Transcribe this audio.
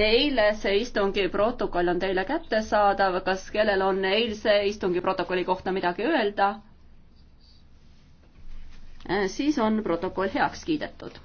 eilse istungi protokoll on teile kättesaadav, kas kellel on eilse istungi protokolli kohta midagi öelda? Äh, siis on protokoll heaks kiidetud